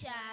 Chá.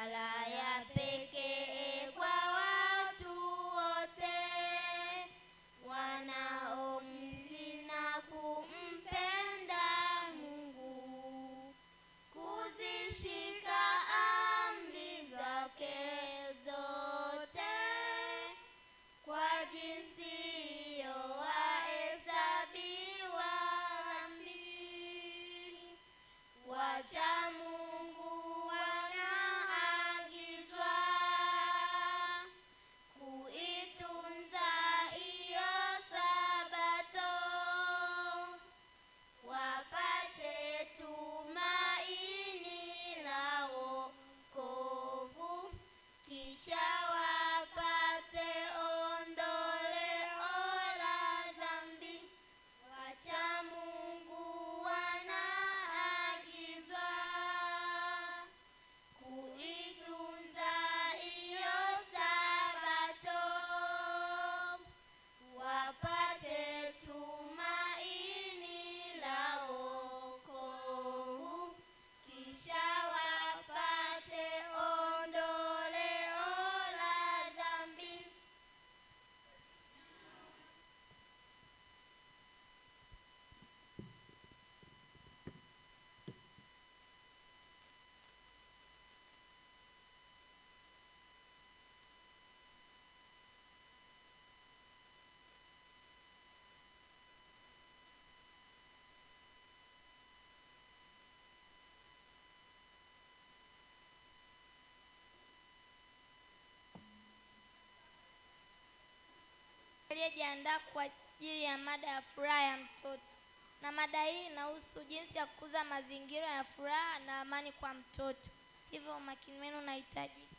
aliyejiandaa kwa ajili ya mada ya furaha ya mtoto, na mada hii inahusu jinsi ya kukuza mazingira ya furaha na amani kwa mtoto. Hivyo umakini wenu unahitajika.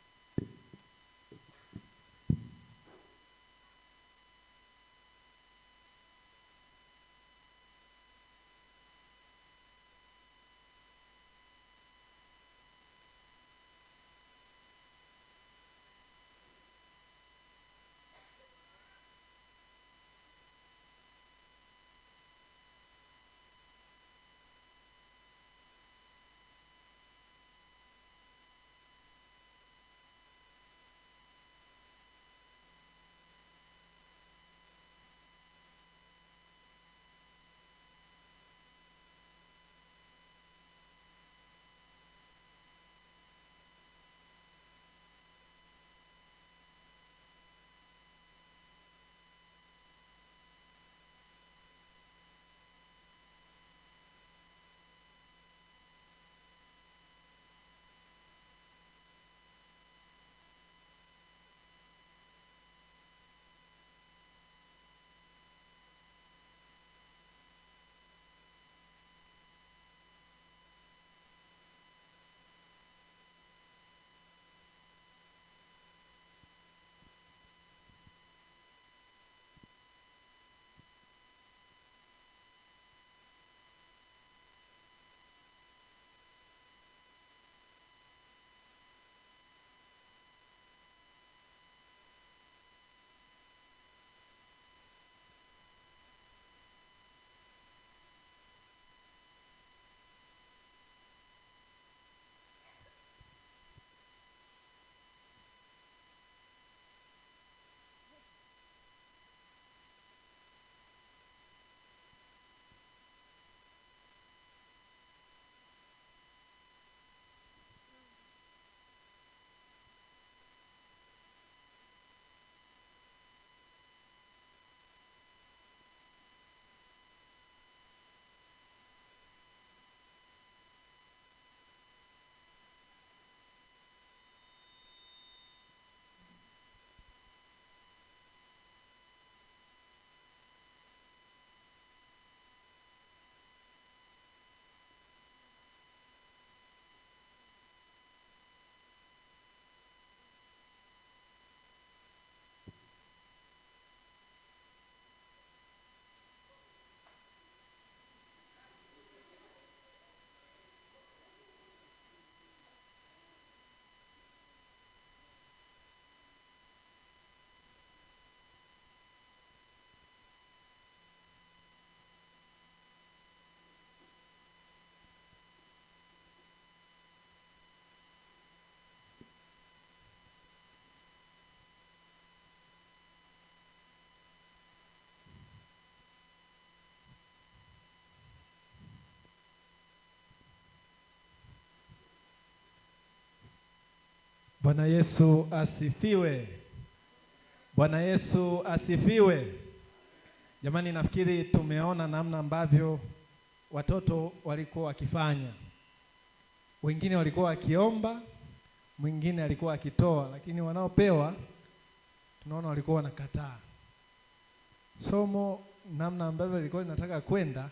Bwana Yesu asifiwe. Bwana Yesu asifiwe. Jamani, nafikiri tumeona namna ambavyo watoto walikuwa wakifanya. Wengine walikuwa wakiomba, mwingine alikuwa akitoa, lakini wanaopewa tunaona walikuwa wanakataa. Somo namna ambavyo ilikuwa linataka kwenda,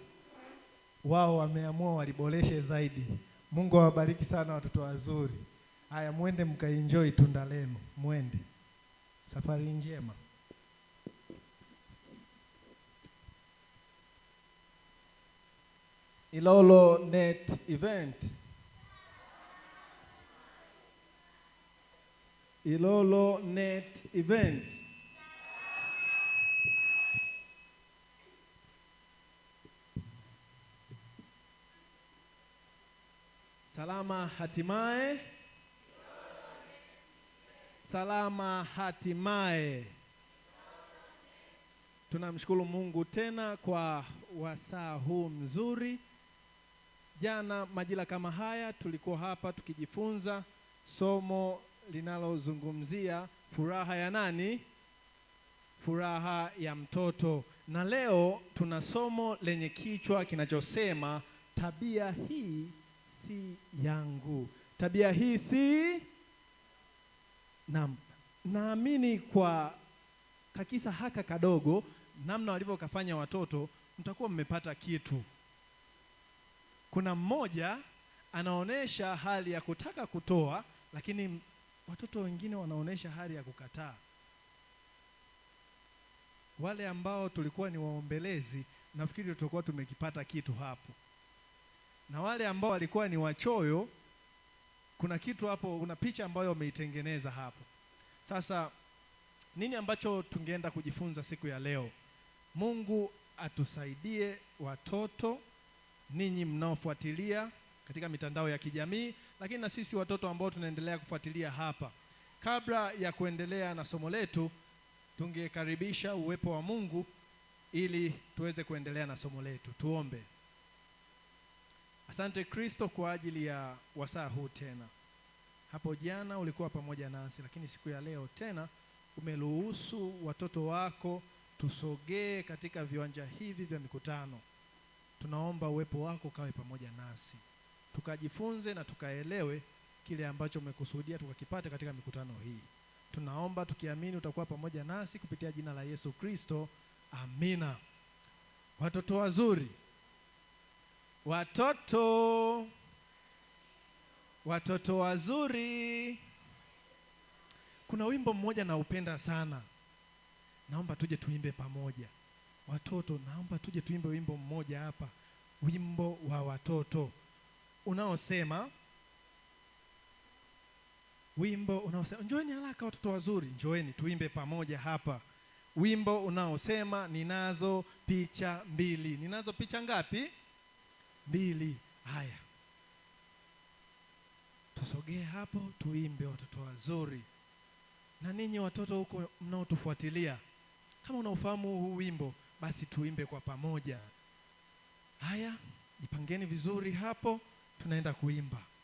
wao wameamua waliboreshe zaidi. Mungu awabariki sana watoto wazuri. Haya, mwende mkaenjoy tunda lenu, mwende. Safari njema. Ilolo Net Event. Ilolo Net Event. Salama hatimaye salama hatimaye. Tunamshukuru Mungu tena kwa wasaa huu mzuri. Jana majira kama haya tulikuwa hapa tukijifunza somo linalozungumzia furaha ya nani? Furaha ya mtoto. Na leo tuna somo lenye kichwa kinachosema tabia hii si yangu. Tabia hii si Naam, naamini kwa kakisa haka kadogo namna walivyokafanya watoto mtakuwa mmepata kitu. Kuna mmoja anaonesha hali ya kutaka kutoa, lakini watoto wengine wanaonesha hali ya kukataa. Wale ambao tulikuwa ni waombelezi, nafikiri tutakuwa tumekipata kitu hapo, na wale ambao walikuwa ni wachoyo kuna kitu hapo, kuna picha ambayo umeitengeneza hapo. Sasa nini ambacho tungeenda kujifunza siku ya leo? Mungu atusaidie watoto, ninyi mnaofuatilia katika mitandao ya kijamii, lakini na sisi watoto ambao tunaendelea kufuatilia hapa. Kabla ya kuendelea na somo letu, tungekaribisha uwepo wa Mungu ili tuweze kuendelea na somo letu. Tuombe. Asante Kristo kwa ajili ya wasaa huu tena. Hapo jana ulikuwa pamoja nasi, lakini siku ya leo tena umeruhusu watoto wako tusogee katika viwanja hivi vya mikutano. Tunaomba uwepo wako ukawe pamoja nasi, tukajifunze na tukaelewe kile ambacho umekusudia tukakipata katika mikutano hii. Tunaomba tukiamini utakuwa pamoja nasi kupitia jina la Yesu Kristo, amina. Watoto wazuri Watoto, watoto wazuri. Kuna wimbo mmoja naupenda sana, naomba tuje tuimbe pamoja. Watoto, naomba tuje tuimbe wimbo mmoja hapa, wimbo wa watoto unaosema wimbo unaosema njoeni haraka watoto wazuri, njoeni tuimbe pamoja hapa, wimbo unaosema ninazo picha mbili. Ninazo picha ngapi? mbili. Haya, tusogee hapo, tuimbe watoto wazuri. Na ninyi watoto huko mnaotufuatilia, kama unaofahamu huu wimbo, basi tuimbe kwa pamoja. Haya, jipangeni vizuri hapo, tunaenda kuimba.